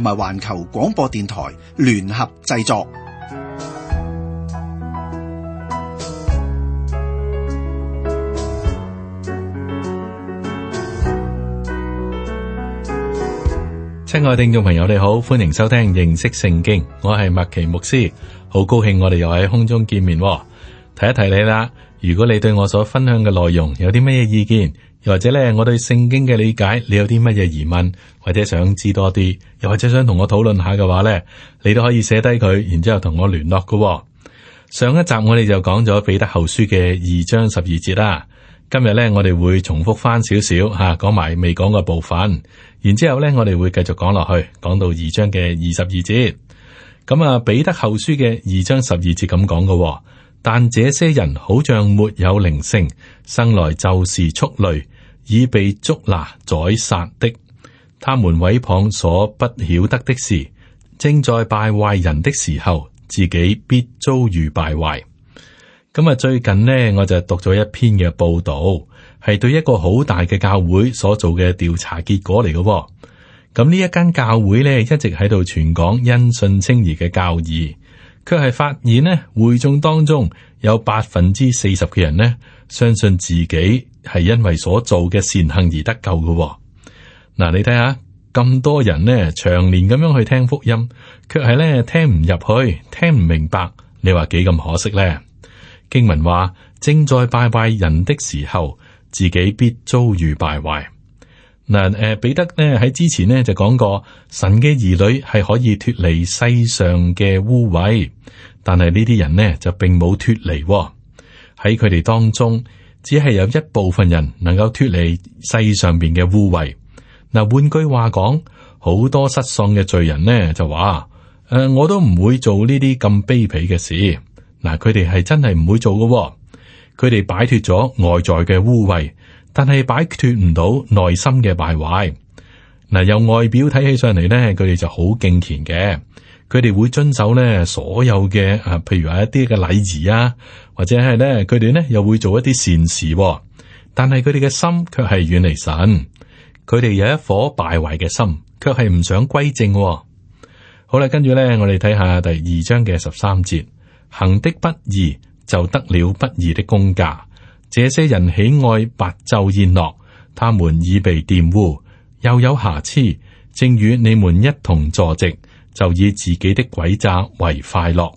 同埋環球廣播電台聯合製作。親愛聽眾朋友，你好，歡迎收聽認識聖經，我係麥奇牧師，好高興我哋又喺空中見面。提一提你啦，如果你對我所分享嘅內容有啲咩意見，又或者咧，我對聖經嘅理解，你有啲乜嘢疑問，或者想知多啲，又或者想同我討論下嘅話呢，你都可以寫低佢，然之後同我聯絡噶、哦。上一集我哋就講咗彼得後書嘅二章十二節啦、啊。今日呢，我哋會重複翻少少吓，講埋未講嘅部分，然之後咧，我哋會繼續講落去，講到二章嘅二十二節。咁、嗯、啊，彼得後書嘅二章十二節咁講噶。但這些人好像沒有靈性，生來就是畜類，已被捉拿宰殺的。他們毀謗所不曉得的是，正在敗壞人的時候，自己必遭遇敗壞。咁啊，最近呢，我就讀咗一篇嘅報道，係對一個好大嘅教會所做嘅調查結果嚟嘅。咁呢一間教會呢，一直喺度傳講因信稱義嘅教義。卻係發現呢，會眾當中有百分之四十嘅人呢，相信自己係因為所做嘅善行而得救嘅，哦。嗱、啊，你睇下咁多人呢，長年咁樣去聽福音，卻係呢，聽唔入去，聽唔明白，你話幾咁可惜呢？經文話，正在敗壞人的時候，自己必遭遇敗壞。嗱，誒，彼得呢喺之前呢就講過，神嘅兒女係可以脫離世上嘅污穢，但係呢啲人呢就並冇脫離喎，喺佢哋當中，只係有一部分人能夠脫離世上邊嘅污穢。嗱，換句話講，好多失喪嘅罪人呢就話，誒、呃，我都唔會做呢啲咁卑鄙嘅事。嗱，佢哋係真係唔會做㗎，佢哋擺脫咗外在嘅污穢。但係擺脫唔到內心嘅敗壞，嗱，由外表睇起上嚟咧，佢哋就好敬虔嘅，佢哋會遵守咧所有嘅啊，譬如話一啲嘅禮儀啊，或者係咧，佢哋咧又會做一啲善事。但係佢哋嘅心却係遠離神，佢哋有一顆敗壞嘅心，却係唔想歸正。好啦，跟住咧，我哋睇下第二章嘅十三節，行的不義，就得了不義的工價。這些人喜愛白晝宴樂，他們已被玷污，又有瑕疵，正與你們一同坐席，就以自己的詭詐為快樂。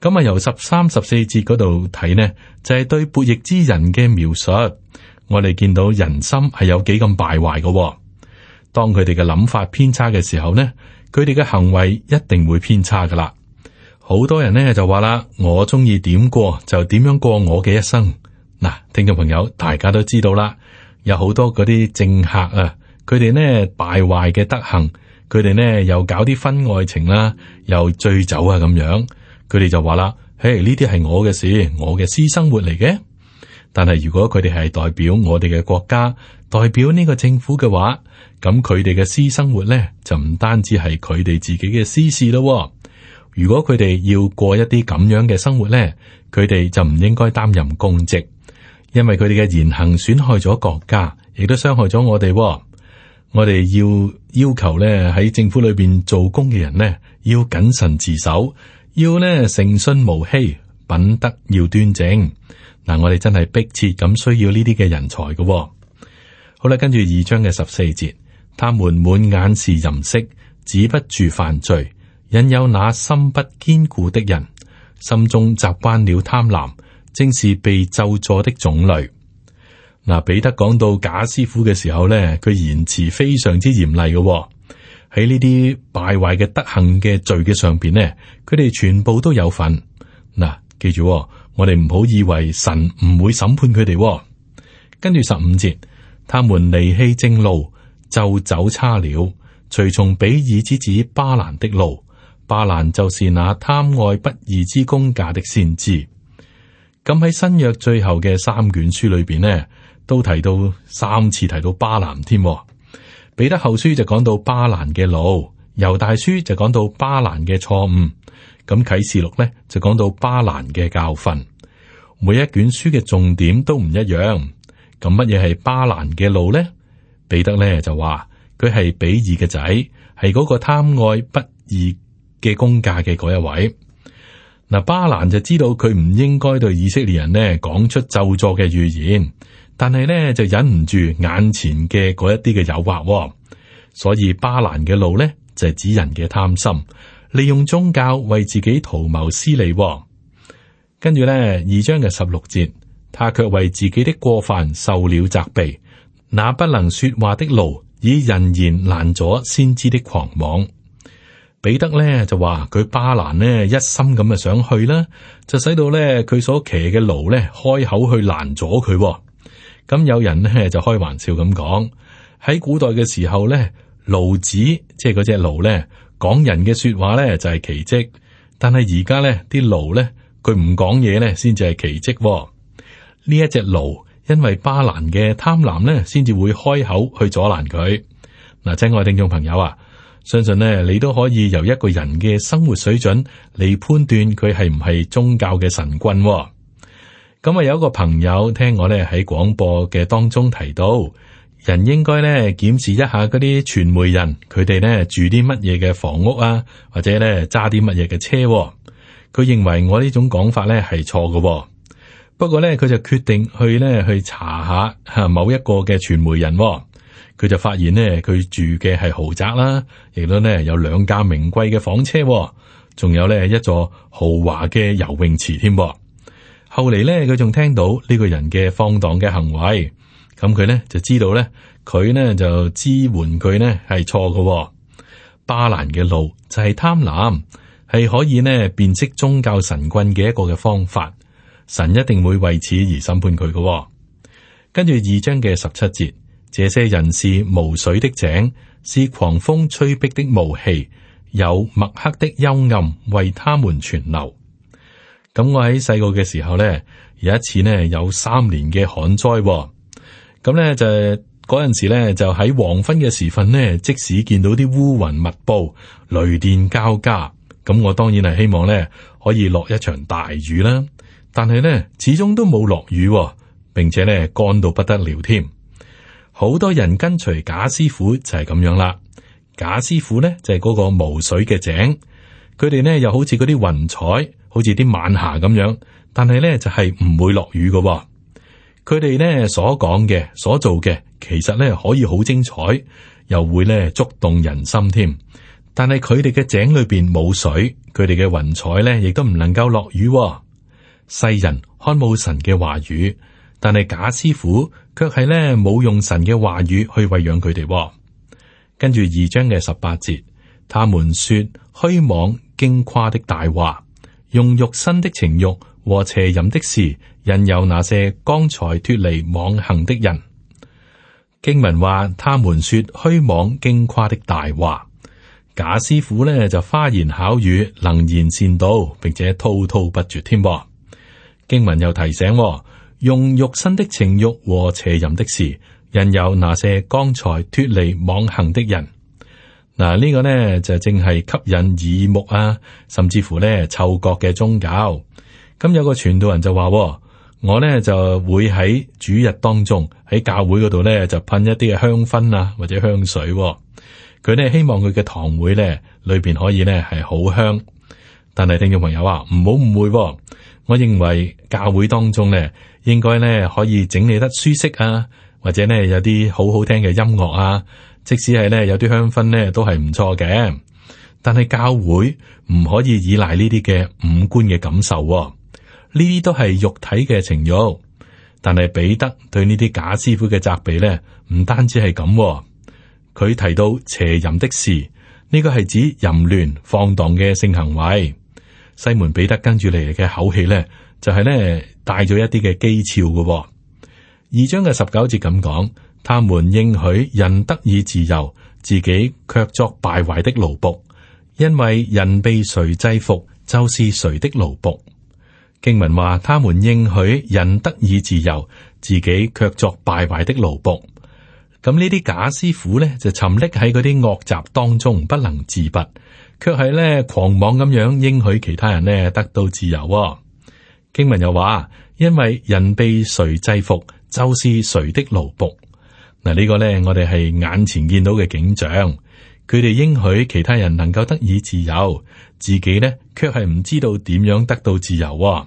咁、嗯、啊，由十三、十四節嗰度睇呢，就係對背逆之人嘅描述。我哋見到人心係有幾咁敗壞嘅。當佢哋嘅諗法偏差嘅時候呢，佢哋嘅行為一定會偏差噶啦。好多人呢，就話啦，我中意點過就點樣過我嘅一生。嗯嗯嗱，聽眾朋友，大家都知道啦，有好多嗰啲政客啊，佢哋呢，敗壞嘅德行，佢哋呢又搞啲婚外情啦，又醉酒啊咁樣，佢哋就話啦：嘿，呢啲係我嘅事，我嘅私生活嚟嘅。但係如果佢哋係代表我哋嘅國家，代表呢個政府嘅話，咁佢哋嘅私生活呢就唔單止係佢哋自己嘅私事咯哦。如果佢哋要過一啲咁樣嘅生活呢，佢哋就唔應該擔任公職。因為佢哋嘅言行損害咗國家，亦都傷害咗我哋、哦。我哋要要求呢喺政府裏邊做工嘅人呢，要謹慎自守，要呢誠信無欺，品德要端正。嗱、啊，我哋真係迫切咁需要呢啲嘅人才嘅、哦。好啦，跟住二章嘅十四節，他們滿眼是淫色，止不住犯罪，引誘那心不堅固的人，心中習慣了貪婪。正是被咒詛的種類。嗱，彼得講到假師傅嘅時候咧，佢言辭非常之嚴厲嘅，喺呢啲敗壞嘅德行嘅罪嘅上邊，呢佢哋全部都有份。嗱，啊，記住哦，我哋唔好以為神唔會審判佢哋哦。跟住十五節，他們離棄正路，就走差了，隨從比珥之子巴蘭的路。巴蘭就是那貪愛不義之工價的先知。咁喺新約最後嘅三卷書裏邊呢，都提到三次提到巴蘭添。彼得後書就講到巴蘭嘅路，猶大書就講到巴蘭嘅錯誤，咁啟示錄咧就講到巴蘭嘅教訓。每一卷書嘅重點都唔一樣。咁乜嘢係巴蘭嘅路咧？彼得咧就話佢係比爾嘅仔，係嗰個貪愛不義嘅工價嘅嗰一位。嗱，巴蘭就知道佢唔應該對以色列人咧講出咒詛嘅預言，但係呢就忍唔住眼前嘅嗰一啲嘅誘惑、哦，所以巴蘭嘅路呢，就係指人嘅貪心，利用宗教為自己圖謀私利、哦。跟住呢，二章嘅十六節，他卻為自己的過犯受了責備，那不能說話的驢以人言攔阻先知的狂妄。彼得咧就話佢巴蘭呢一心咁啊想去啦，就使到咧佢所騎嘅驢咧開口去攔阻佢。咁有人咧就開玩笑咁講，喺古代嘅時候咧驢子即係嗰隻驢咧講人嘅說話咧就係奇跡，但係而家咧啲驢咧佢唔講嘢咧先至係奇跡。呢一隻驢因為巴蘭嘅貪婪咧先至會開口去阻攔佢。嗱，親愛聽眾朋友啊！相信咧，你都可以由一個人嘅生活水準嚟判斷佢係唔係宗教嘅神棍喎。咁啊，有一個朋友聽我咧喺廣播嘅當中提到，人應該咧檢視一下嗰啲傳媒人，佢哋咧住啲乜嘢嘅房屋啊，或者咧揸啲乜嘢嘅車喎。佢認為我呢種講法咧係錯嘅。不過咧，佢就決定去咧去查下哈某一個嘅傳媒人喎。佢就發現呢，佢住嘅係豪宅啦，亦都呢，有兩架名貴嘅房車，仲有呢一座豪華嘅游泳池添。後嚟呢，佢仲聽到呢個人嘅放蕩嘅行為，咁佢呢就知道呢，佢呢就支援佢呢係錯嘅。巴蘭嘅路就係貪婪，係可以呢辨識宗教神棍嘅一個嘅方法，神一定會為此而審判佢嘅。跟住二章嘅十七節。這些人是無水的井，是狂風吹逼的霧氣，有墨黑的幽暗為他們存留。咁我喺細個嘅時候咧，有一次呢，有三年嘅旱災，咁咧就嗰陣時咧就喺黃昏嘅時分呢，即使見到啲烏雲密布、雷電交加，咁我當然係希望咧可以落一場大雨啦。但係咧始終都冇落雨，並且咧乾到不得了，添。好多人跟隨假師傅就係咁樣啦，假師傅呢就係嗰個無水嘅井，佢哋呢又好似嗰啲雲彩，好似啲晚霞咁樣，但係呢就係唔會落雨㗎。佢哋呢所講嘅、所做嘅，其實呢可以好精彩，又會呢觸動人心添。但係佢哋嘅井裏邊冇水，佢哋嘅雲彩呢亦都唔能夠落雨。世人看武神嘅話語。但係假師傅卻係呢冇用神嘅話語去餵養佢哋，啊。跟住二章嘅十八節，他們說虛妄矜誇的大話，用肉身的情慾和邪淫的事引誘那些剛才脫離妄行的人。經文話，他們說虛妄矜誇的大話。假師傅呢就花言巧語，能言善道，並且滔滔不絕添。經文又提醒，啊。用肉身的情欲和邪淫的事引誘那些剛才脫離妄行的人，嗱、這、呢個呢就正係吸引耳目啊，甚至乎呢嗅覺嘅宗教。咁有個傳道人就話，我呢就會喺主日當中喺教會嗰度呢就噴一啲嘅香薰啊，或者香水、啊。佢呢希望佢嘅堂會呢裏邊可以呢係好香。但係聽眾朋友啊，唔好誤會。我認為教會當中咧，應該咧可以整理得舒適啊，或者咧有啲好好聽嘅音樂啊，即使係咧有啲香薰咧都係唔錯嘅。但係教會唔可以依賴呢啲嘅五官嘅感受啊，呢啲都係肉體嘅情欲。但係彼得對呢啲假師傅嘅責備咧，唔單止係咁啊，佢提到邪淫的事，呢個係指淫亂放蕩嘅性行為。西門彼得跟住嚟嘅口氣咧，就係呢帶咗一啲嘅譏誚嘅。二章嘅十九節咁講，他們應許人得以自由，自己卻作敗壞的奴僕，因為人被誰制服，就是誰的奴僕。經文話，他們應許人得以自由，自己卻作敗壞的奴僕。咁呢啲假師傅呢，就沉溺喺嗰啲惡習當中，不能自拔。卻係咧狂妄咁樣應許其他人咧得到自由，哦。經文又話，因為人被誰制服，就是誰的奴僕。嗱，這，呢個呢，我哋係眼前見到嘅景象。佢哋應許其他人能夠得以自由，自己呢，卻係唔知道點樣得到自由，哦。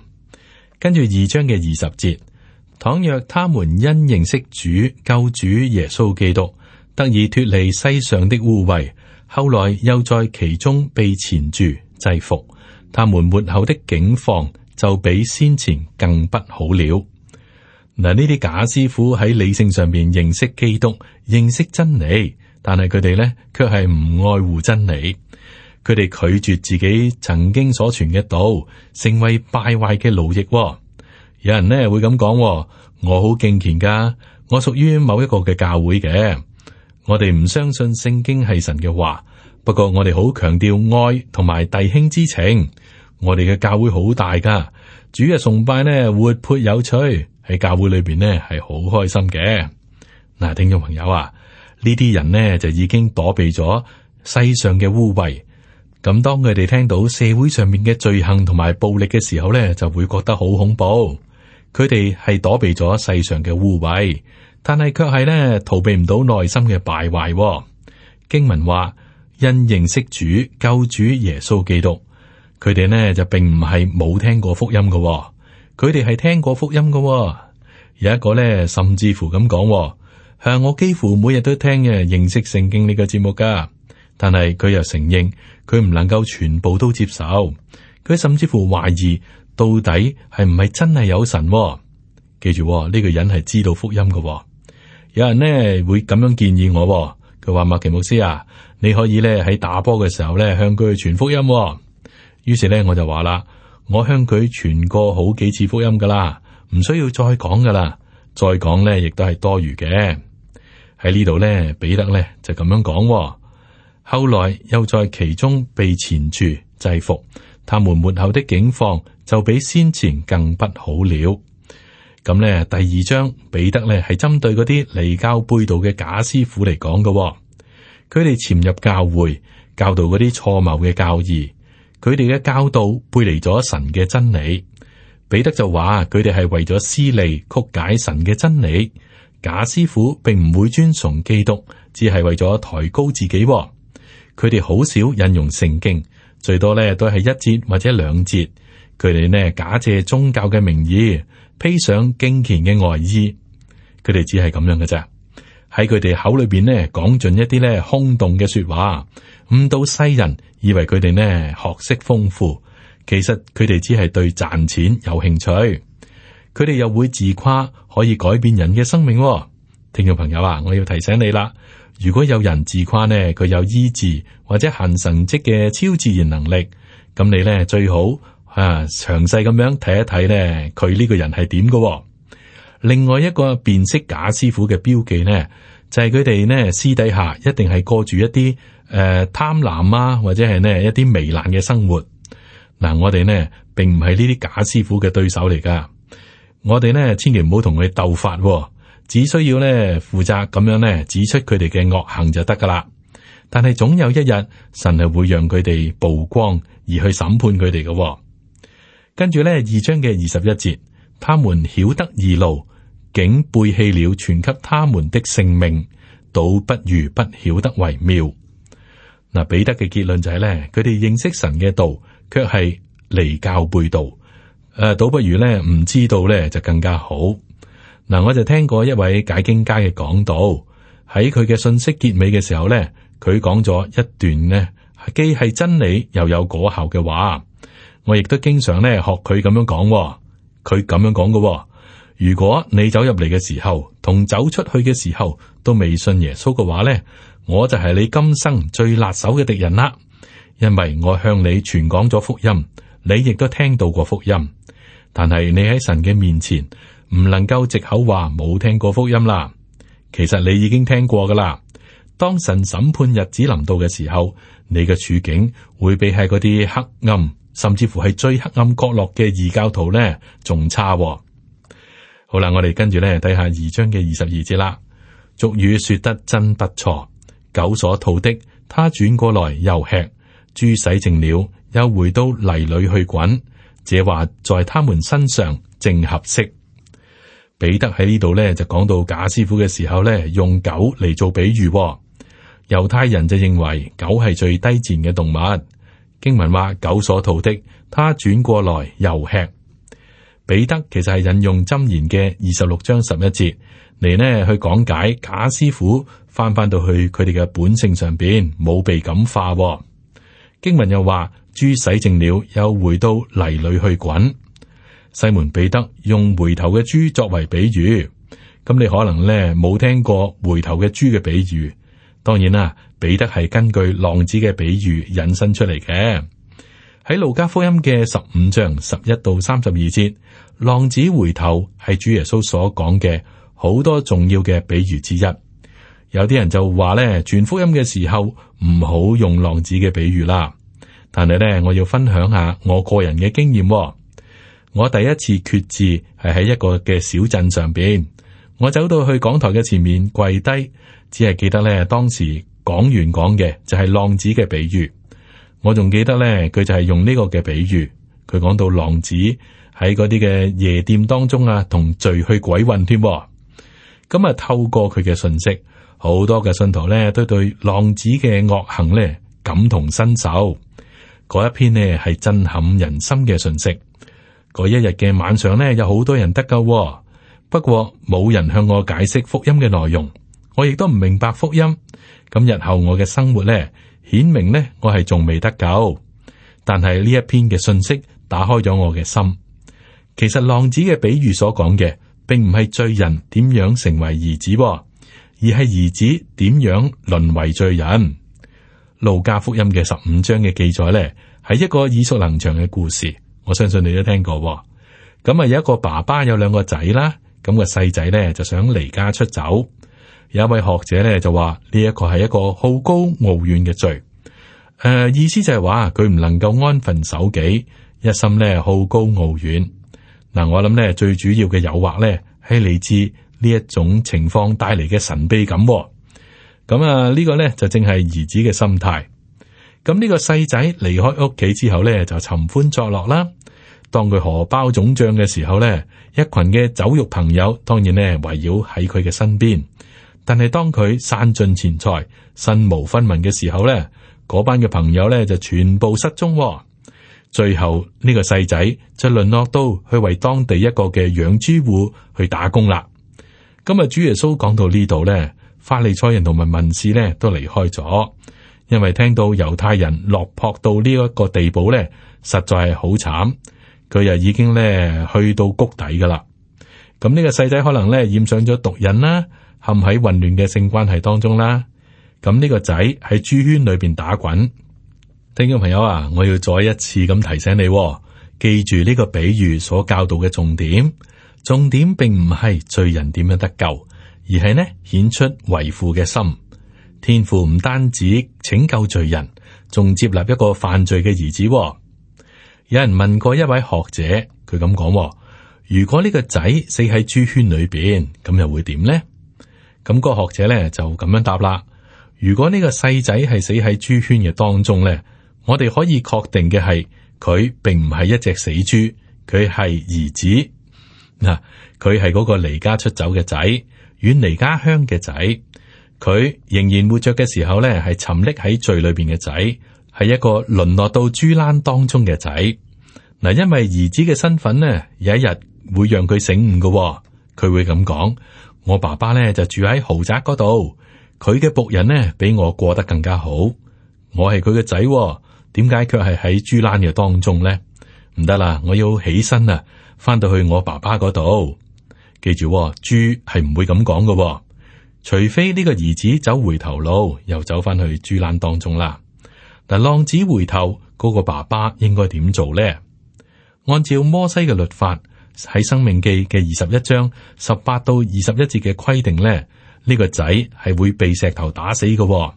跟住二章嘅二十節，倘若他們因認識主救主耶穌基督，得以脫離世上的污穢。後來又在其中被纏住、制服，他們末後的景況，就比先前更不好了。嗱，呢啲假師傅喺理性上面認識基督、認識真理，但係佢哋呢，卻係唔愛護真理，佢哋拒絕自己曾經所傳嘅道，成為敗壞嘅奴役。有人呢會咁講：「我好敬虔㗎，我屬於某一個嘅教會嘅。」我哋唔相信聖經係神嘅話，不過我哋好強調愛同埋弟兄之情。我哋嘅教會好大噶，主日崇拜呢活潑有趣，喺教會裏邊呢係好開心嘅。嗱，聽眾朋友啊，呢啲人呢就已經躲避咗世上嘅污穢。咁當佢哋聽到社會上面嘅罪行同埋暴力嘅時候呢，就會覺得好恐怖。佢哋係躲避咗世上嘅污穢。但係卻係咧，逃避唔到內心嘅敗壞、哦。經文話：因認識主、救主耶穌基督，佢哋咧就並唔係冇聽過福音嘅、哦，佢哋係聽過福音嘅、哦。有一個咧，甚至乎咁講、哦，係我幾乎每日都聽嘅認識聖經呢個節目噶。但係佢又承認，佢唔能夠全部都接受，佢甚至乎懷疑到底係唔係真係有神、哦。記住呢、哦呢個人係知道福音嘅、哦。有人呢會咁樣建議我，佢話麥奇牧師啊，你可以咧喺打波嘅時候咧向佢傳福音。於是咧我就話啦，我向佢傳過好幾次福音噶啦，唔需要再講噶啦，再講咧亦都係多餘嘅。喺呢度咧，彼得咧就咁樣講。後來又在其中被纏住制伏，他們末後的境況就比先前更不好了。咁咧，第二章彼得咧係針對嗰啲離教背道嘅假師傅嚟講嘅。佢哋潛入教會，教導嗰啲錯謬嘅教義。佢哋嘅教導背離咗神嘅真理。彼得就話佢哋係為咗私利曲解神嘅真理。假師傅並唔會尊崇基督，只係為咗抬高自己哦。佢哋好少引用聖經，最多咧都係一節或者兩節。佢哋呢假借宗教嘅名義。披上敬虔嘅外衣，佢哋只係咁樣嘅咋。喺佢哋口裏邊咧，講盡一啲咧空洞嘅說話，誤導世人以為佢哋咧學識豐富。其實佢哋只係對賺錢有興趣。佢哋又會自誇可以改變人嘅生命。聽眾朋友啊，我要提醒你啦，如果有人自誇呢，佢有醫治或者行神蹟嘅超自然能力，咁你呢最好。啊，詳細咁樣睇一睇咧，佢呢個人係點噶？另外一個辨識假師傅嘅標記呢，就係佢哋呢私底下一定係過住一啲誒貪婪啊，或者係呢一啲糜爛嘅生活嗱，啊。我哋呢並唔係呢啲假師傅嘅對手嚟噶，我哋呢千祈唔好同佢鬥法，哦，只需要呢負責咁樣呢指出佢哋嘅惡行就得噶啦。但係總有一日，神係會讓佢哋曝光而去審判佢哋噶。跟住呢二章嘅二十一節，他們曉得義路，竟背棄了傳給他們的性命，倒不如不曉得為妙。嗱，彼得嘅結論就係、是、呢：佢哋認識神嘅道，卻係離教背道。誒，倒不如呢唔知道呢就更加好。嗱，我就聽過一位解經家嘅講道，喺佢嘅信息結尾嘅時候呢，佢講咗一段呢，既係真理又有果效嘅話。我亦都經常咧學佢咁樣講，哦，佢咁樣講嘅，哦。如果你走入嚟嘅時候同走出去嘅時候都未信耶穌嘅話咧，我就係你今生最辣手嘅敵人啦。因為我向你傳講咗福音，你亦都聽到過福音，但係你喺神嘅面前唔能夠藉口話冇聽過福音啦。其實你已經聽過噶啦。當神審判日子臨到嘅時候，你嘅處境會被係嗰啲黑暗，甚至乎係最黑暗角落嘅異教徒呢，仲差喎。好啦，我哋跟住咧睇下二章嘅二十二節啦。俗語說得真不錯，狗所吐的，他轉過來又吃；豬洗淨了，又回到泥裏去滾。這話在他們身上正合適。彼得喺呢度呢，就講到假師傅嘅時候呢，用狗嚟做比喻喎。猶太人就認為狗係最低賤嘅動物。經文話狗所吐的，他轉過來又吃。彼得其實係引用箴言，嘅二十六章十一節嚟，咧去講解假師傅返返到去佢哋嘅本性上邊，冇被感化，哦。經文又話豬洗淨了，又回到泥裏去滾。西門彼得用回頭嘅豬作為比喻，咁你可能咧冇聽過回頭嘅豬嘅比喻，當然啦。彼得係根據浪子嘅比喻引申出嚟嘅，喺路加福音嘅十五章十一到三十二節，浪子回頭係主耶穌所講嘅好多重要嘅比喻之一。有啲人就話咧，傳福音嘅時候唔好用浪子嘅比喻啦。但係咧，我要分享下我個人嘅經驗，哦。我第一次決志係喺一個嘅小鎮上邊，我走到去講台嘅前面跪低，只係記得咧當時。講完講嘅就係浪子嘅比喻，我仲記得呢，佢就係用呢個嘅比喻，佢講到浪子喺嗰啲嘅夜店當中啊，同罪去鬼混添。咁啊，透過佢嘅信息，好多嘅信徒呢都對對浪子嘅惡行呢感同身受。嗰一篇呢係震撼人心嘅信息。嗰一日嘅晚上呢，有好多人得救，不過冇人向我解釋福音嘅內容。我亦都唔明白福音咁，日後我嘅生活咧，顯明咧，我係仲未得救。但係呢一篇嘅信息打開咗我嘅心。其實浪子嘅比喻所講嘅，並唔係罪人點樣成為兒子，而係兒子點樣淪為罪人。路加福音嘅十五章嘅記載咧，係一個耳熟能詳嘅故事。我相信你都聽過咁啊。有一個爸爸有兩個仔啦，咁個細仔咧就想離家出走。有一位學者咧就話呢一個係一個好高傲遠嘅罪，誒、呃、意思就係話佢唔能夠安分守己，一心咧好高傲遠。嗱，我諗咧最主要嘅誘惑咧係嚟自呢一種情況帶嚟嘅神秘感、哦。咁、呃、啊，這個、呢個咧就正係兒子嘅心態。咁、呃、呢、這個細仔離開屋企之後咧就尋歡作樂啦。當佢荷包腫脹嘅時候咧，一群嘅酒肉朋友當然咧圍繞喺佢嘅身邊。但係當佢散盡錢財，身無分文嘅時候咧，嗰班嘅朋友咧就全部失蹤。最後呢個細仔就淪落到去為當地一個嘅養豬戶去打工啦。今日主耶穌講到呢度咧，法利賽人同埋文士咧都離開咗，因為聽到猶太人落魄到呢一個地步咧，實在係好慘。佢又已經咧去到谷底噶啦。咁呢個細仔可能咧染上咗毒癮啦。陷喺混亂嘅性關係當中啦。咁呢個仔喺豬圈裏邊打滾，聽眾朋友啊，我要再一次咁提醒你、哦，記住呢個比喻所教導嘅重點。重點並唔係罪人點樣得救，而係呢顯出為父嘅心。天父唔單止拯救罪人，仲接納一個犯罪嘅兒子、哦。有人問過一位學者，佢咁講：如果呢個仔死喺豬圈裏邊，咁又會點呢？咁個學者咧就咁樣答啦。如果呢個細仔係死喺豬圈嘅當中咧，我哋可以確定嘅係佢並唔係一隻死豬，佢係兒子嗱，佢係嗰個離家出走嘅仔，遠離家鄉嘅仔。佢仍然活着嘅時候咧，係沉溺喺罪裏邊嘅仔，係一個淪落到豬欄當中嘅仔嗱。因為兒子嘅身份呢，有一日會讓佢醒悟噶喎。佢會咁講，我爸爸咧就住喺豪宅嗰度，佢嘅僕人呢，比我過得更加好。我係佢嘅仔，點解卻係喺豬欄嘅當中呢？唔得啦，我要起身啦，翻到去我爸爸嗰度。記住哦，豬係唔會咁講嘅，除非呢個兒子走回頭路，又走翻去豬欄當中啦。但浪子回頭，嗰個爸爸應該點做呢？按照摩西嘅律法，喺《申命記》嘅二十一章十八到二十一節嘅規定咧，呢個仔係會被石頭打死嘅，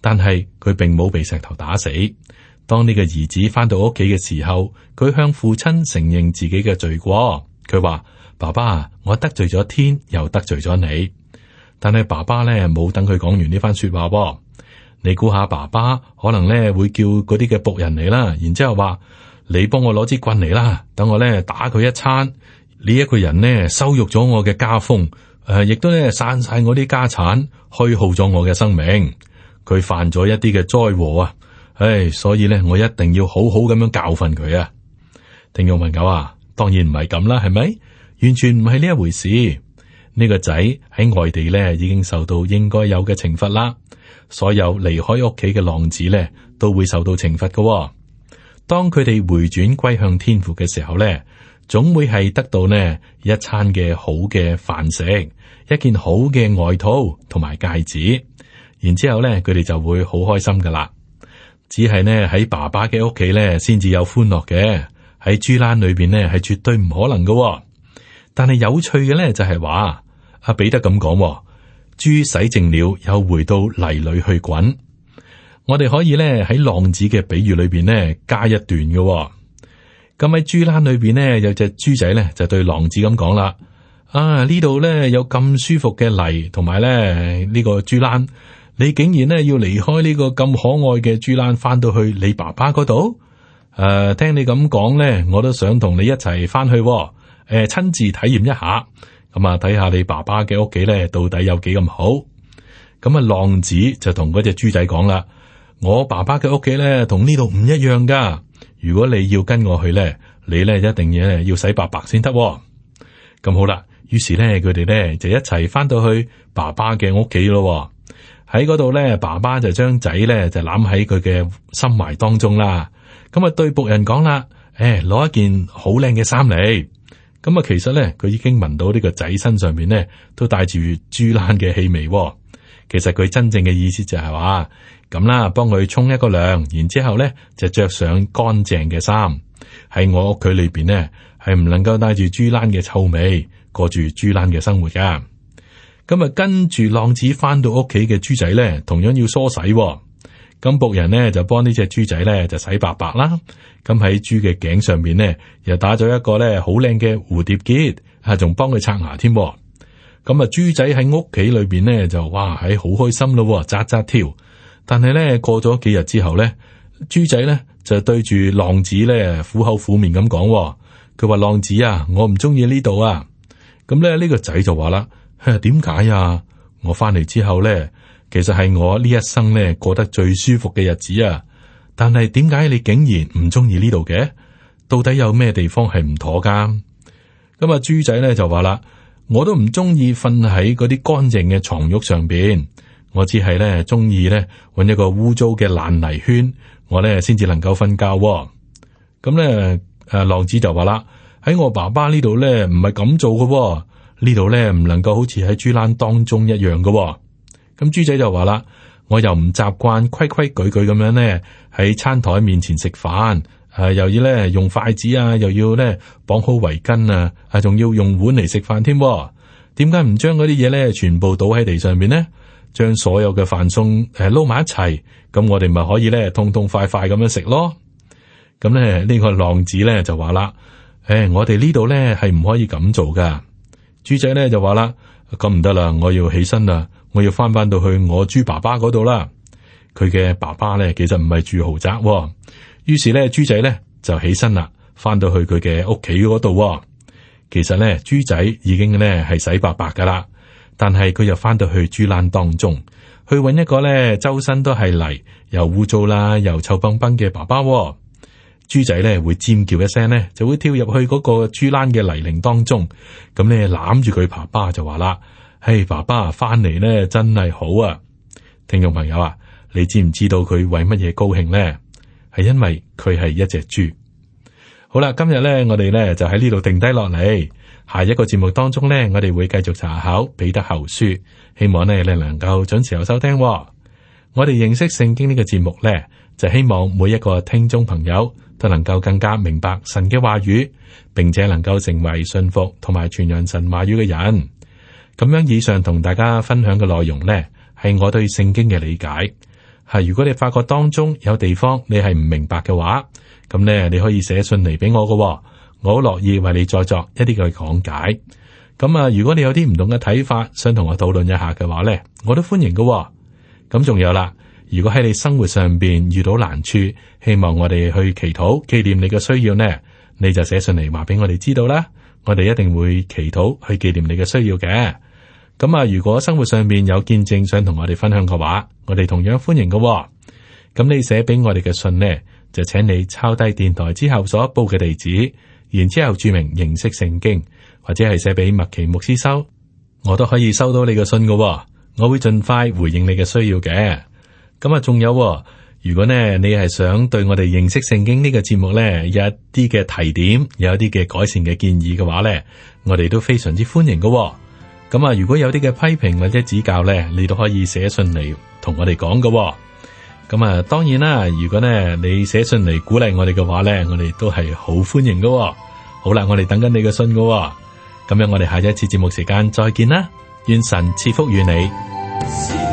但係佢並冇被石頭打死。當呢個兒子翻到屋企嘅時候，佢向父親承認自己嘅罪過。佢話：爸爸，我得罪咗天，又得罪咗你。但係爸爸咧，冇等佢講完呢番說話。你估下，爸爸可能咧會叫嗰啲嘅僕人嚟啦，然之後話。你幫我攞支棍嚟啦，等我咧打佢一餐。呢、這、一個人呢羞辱咗我嘅家風，誒、呃，亦都咧散晒我啲家產，虛耗咗我嘅生命。佢犯咗一啲嘅災禍啊，唉，所以咧，我一定要好好咁樣教訓佢啊。聽眾朋友啊，當然唔係咁啦，係咪？完全唔係呢一回事。呢、這個仔喺外地咧，已經受到應該有嘅懲罰啦。所有離開屋企嘅浪子咧，都會受到懲罰㗎喎。當佢哋回轉歸向天父嘅時候咧，總會係得到呢一餐嘅好嘅飯食，一件好嘅外套同埋戒指，然之後咧佢哋就會好開心噶啦。只係呢，喺爸爸嘅屋企咧先至有歡樂嘅，喺豬欄裏邊咧係絕對唔可能噶。但係有趣嘅咧就係話阿彼得咁講，豬洗淨了又回到泥裏去滾。我哋可以咧喺浪子嘅比喻裏邊咧加一段㗎喎，咁喺豬欄裏邊咧有隻豬仔咧就對浪子咁講啦。啊，呢度咧有咁舒服嘅泥同埋咧呢、呢個豬欄，你竟然咧要離開呢個咁可愛嘅豬欄，返到去你爸爸嗰度？誒、啊，聽你咁講咧，我都想同你一齊返去、哦，誒、呃、親自體驗一下，咁啊睇下你爸爸嘅屋企咧到底有幾咁好。咁啊，浪子就同嗰隻豬仔講啦。我爸爸嘅屋企咧，同呢度唔一樣噶如果你要跟我去咧，你咧一定咧要洗白白先得，哦。咁、嗯、好啦，於是咧佢哋咧就一齊翻到去爸爸嘅屋企咯。喺嗰度咧，爸爸就將仔咧就攬喺佢嘅心懷當中啦。咁、嗯、啊，對僕人講啦，誒、哎，攞一件好靚嘅衫嚟。咁、嗯、啊，其實咧佢已經聞到呢個仔身上面咧都帶住豬欄嘅氣味，哦。其實佢真正嘅意思就係話咁啦，幫佢沖一個涼，然之後咧就着上乾淨嘅衫，喺我屋企裏邊咧係唔能夠帶住豬欄嘅臭味，過住豬欄嘅生活噶。咁啊，跟住浪子返到屋企嘅豬仔咧，同樣要梳洗、啊。咁僕人呢，就幫呢隻豬仔咧就洗白白啦。咁喺豬嘅頸上面咧又打咗一個咧好靚嘅蝴蝶結，啊，仲幫佢刷牙添、啊。咁啊，豬仔喺屋企裏邊咧就哇喺好開心咯，扎扎跳。但係咧過咗幾日之後咧，豬仔咧就對住浪子咧苦口苦面咁講，佢、哦、話浪子啊，我唔中意呢度啊。咁咧、哎、呢個仔就話啦，點解啊？我翻嚟之後咧，其實係我呢一生咧過得最舒服嘅日子啊。但係點解你竟然唔中意呢度嘅？到底有咩地方係唔妥噶？咁啊，豬仔咧就話啦。我都唔中意瞓喺嗰啲乾淨嘅床褥上邊，我只係咧中意咧揾一個污糟嘅爛泥圈，我咧先至能夠瞓覺、哦。咁、嗯、咧，誒、啊、浪子就話啦：喺、哎、我爸爸呢度咧，唔係咁做嘅、哦，呢度咧唔能夠好似喺豬欄當中一樣嘅、哦。咁、嗯、豬仔就話啦：我又唔習慣規規矩矩咁樣咧喺餐台面前食飯。啊，又要咧用筷子啊，又要咧綁好圍巾啊，啊，仲要用碗嚟食飯添，點解唔將嗰啲嘢咧全部倒喺地上面咧？將所有嘅飯餸誒撈埋一齊，咁、嗯、我哋咪可以咧痛痛快快咁樣食咯。咁咧呢個浪子咧就話啦，誒、哎，我哋呢度咧係唔可以咁做噶。豬仔咧就話啦，咁唔得啦，我要起身啦，我要翻翻到去我豬爸爸嗰度啦。佢嘅爸爸咧其實唔係住豪宅、啊。於是咧，豬仔咧就起身啦，翻到去佢嘅屋企嗰度。其實咧，豬仔已經咧係洗白白噶啦，但係佢又翻到去豬欄當中，去揾一個咧周身都係泥又污糟啦又臭崩崩嘅爸爸。豬仔咧會尖叫一聲咧，就會跳入去嗰個豬欄嘅泥濘當中，咁咧攬住佢爸爸就話啦：嘿，爸爸翻嚟咧真係好啊！聽眾朋友啊，你知唔知道佢為乜嘢高興咧？係因為佢係一隻豬。好啦，今日呢，我哋呢就喺呢度定低落嚟。下一個節目當中呢，我哋會繼續查考彼得後書。希望呢你能夠準時有收聽哦。我哋認識聖經呢個節目呢，就希望每一個聽眾朋友都能夠更加明白神嘅話語，並且能夠成為信服同埋傳揚神話語嘅人。咁樣，以上同大家分享嘅內容呢，係我對聖經嘅理解。係如果你發覺當中有地方你係唔明白嘅話，咁咧你可以寫信嚟俾我噶，哦，我好樂意為你再作一啲嘅講解。咁啊，如果你有啲唔同嘅睇法，想同我討論一下嘅話咧，我都歡迎噶，哦。咁仲有啦，如果喺你生活上邊遇到難處，希望我哋去祈禱紀念你嘅需要呢，你就寫信嚟話俾我哋知道啦，我哋一定會祈禱去紀念你嘅需要嘅。咁啊！如果生活上面有見證想同我哋分享嘅話，我哋同樣歡迎㗎喎。咁你寫俾我哋嘅信呢，就請你抄低電台之後所報嘅地址，然之後注明認識聖經，或者係寫俾麥奇牧師收，我都可以收到你嘅信㗎喎。我會盡快回應你嘅需要嘅。咁啊，仲有喎，如果呢，你係想對我哋認識聖經呢個節目呢，有一啲嘅提點，有一啲嘅改善嘅建議嘅話呢，我哋都非常之歡迎㗎喎。咁啊，如果有啲嘅批評或者指教咧，你都可以寫信嚟同我哋講噶。咁啊，當然啦，如果咧你寫信嚟鼓勵我哋嘅話咧，我哋都係好歡迎噶。好啦，我哋等緊你嘅信噶。咁樣，我哋下一次節目時間再見啦，願神賜福與你。